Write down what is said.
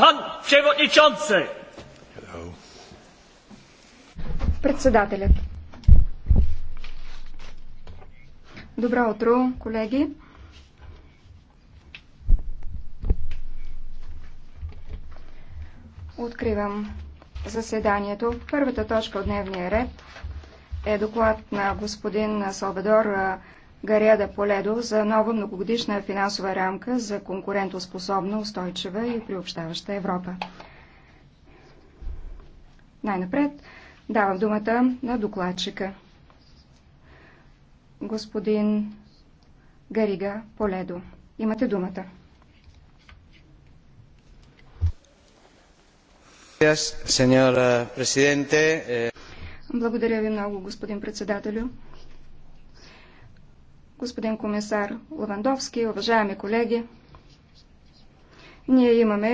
Pan przewodniczący! Hello. Председателят. Добро утро, колеги. Откривам заседанието. Първата точка от дневния ред е доклад на господин Салвадор Гареда Поледо за нова многогодишна финансова рамка за конкурентоспособна, устойчива и приобщаваща Европа. Най-напред давам думата на докладчика. Господин Гарига Поледо. Имате думата. Благодаря ви много, господин председателю господин комисар Лавандовски, уважаеми колеги, ние имаме